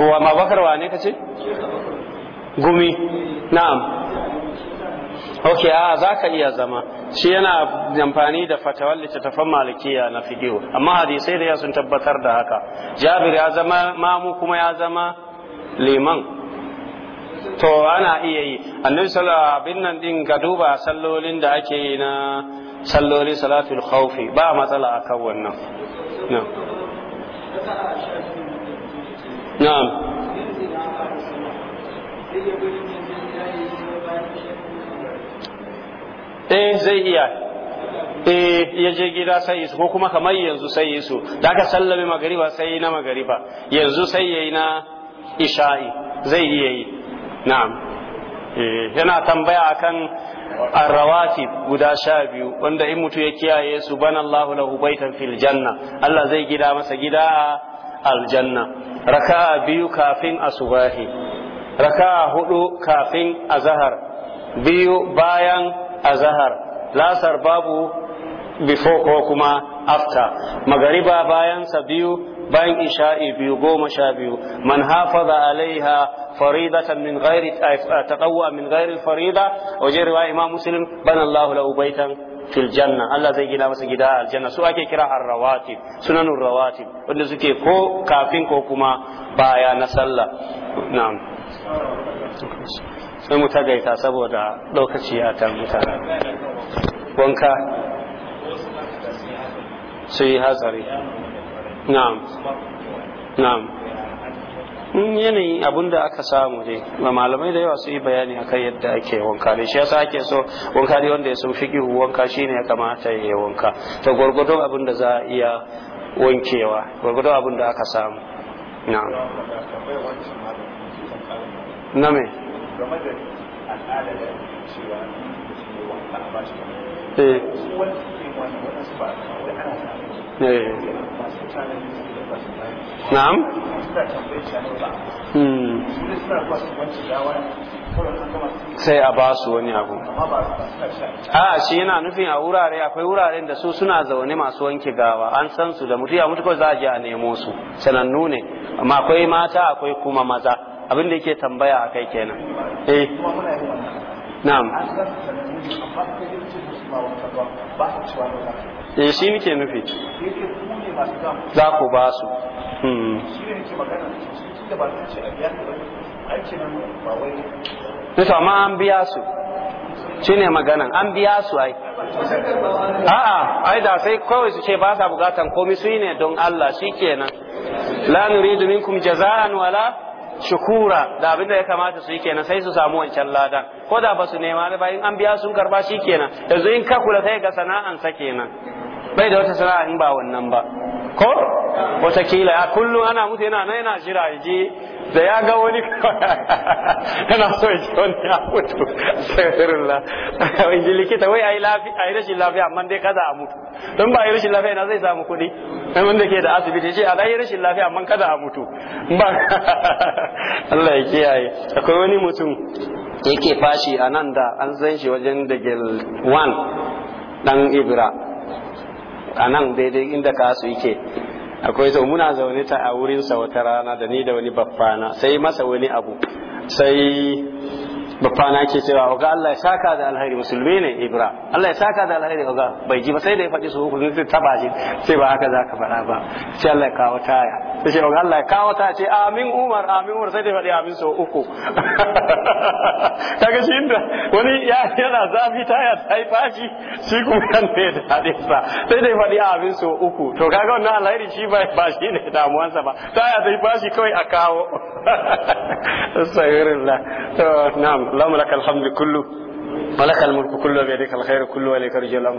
wa mabakar wa ne ka ce gumi na'am ok a za ka iya zama shi yana amfani da fatawar littattafan malikiya na fidiyo amma hadisai da ya sun tabbatar da haka jabir ya zama mamu kuma ya zama liman to ana iya yi annabi sallallahu abin nan din ga duba sallolin da ake yi na sallolin salatul khawfi ba matsala akan wannan na'am na'am eh zai iya eh ya je gida sai isu ko kuma kamar yanzu sai isu da aka sallame magariba sai na magariba yanzu sai yi na isha'i zai iya yi na'am eh yana tambaya akan arrawati guda sha biyu wanda in mutu ya kiyaye su banallahu lahu baitan fil janna Allah zai gida masa gida a aljanna raka'a biyu kafin asubahi raka'a hudu kafin azhar biyu bayan azahar lasar babu before ko kuma after magariba bayan sa biyu bayan isha'i biyu goma sha biyu man hafaza alaiha faridatan min ghairi taqawwa min ghairi farida wajen riwa imam muslim bana Allahu lahu baitan fil janna Allah zai gina masa gida aljanna su ake kira arrawatib sunanur rawatib wanda suke ko kafin ko kuma baya na sallah na'am sai mu tagaita saboda lokaci ya ta mutane wanka su yi hatsari na'am na'am mm, yanayin abin da aka samu ne ma malamai da yawa su yi bayani akan yadda ake wanka ne shi yasa ake so wanka ne wanda ya sun fiƙi wanka shine ya kamata ya yi wanka ta gwargwadon abin da za a iya wankewa gwargwadon abin da aka samu na me game a eh. shi sai a ba su wani abu a shi yana nufin a wurare akwai wuraren da su suna zaune masu wanke gawa an san su da mutu ya mutu kawai za a je a nemo su sanannu ne amma akwai mata akwai kuma maza abin da yake tambaya a kai kenan eh na'am eh shi muke nufi za ku ba su hmm. Nisa amma an biya su shi ne maganan an biya su ai a'a ai da sai kawai su ce ba sa bukatan komi su ne don Allah shi kenan la nuridu minkum jaza'an wala shukura da abin da ya kamata su yi kenan sai su samu wancan ladan ko da ba su nema ba in an biya sun karba shi kenan yanzu in ka kula sai ga sana'an sa kenan bai da wata sana'a in ba wannan ba ko watakila ya kullum ana mutu yana na yana jira ya je da ya ga wani [LAUGHS] yana so ya ji wani ya mutu astaghfirullah [LAUGHS] in ji likita wai a lafi rashin lafiya amma dai kada a mutu don ba yi rashin lafiya na zai samu kuɗi dan wanda ke da asibiti ce a dai rashin lafiya amma kada a mutu ba [LAUGHS] Allah ya kiyaye akwai wani mutum yake fashi a nan da an san shi wajen da gel 1 dan ibra a nan daidai inda kasu yake akwai to muna zaune ta a wurinsa wata rana da ni da wani baffana sai masa wani abu sai bafana ke cewa oga Allah ya saka da alheri musulmi ne ibra Allah ya saka da alheri oga bai ji ba sai da ya faɗi su uku sai taba shi sai ba haka zaka faɗa ba sai Allah ya kawo taya sai ce oga Allah ya kawo taya ce amin umar amin umar sai da faɗi amin sau uku [LAUGHS] kaga shi inda wani ya yana zafi taya ta yi fashi shi kuma kan ne da hadisa sai da ya faɗi amin sau uku to kaga wannan alheri shi ba shi ne damuwansa ba taya ta yi fashi kawai a kawo استغفر الله نعم اللهم لك الحمد كله ولك الملك كله بيدك الخير كله وليك رجل الأمر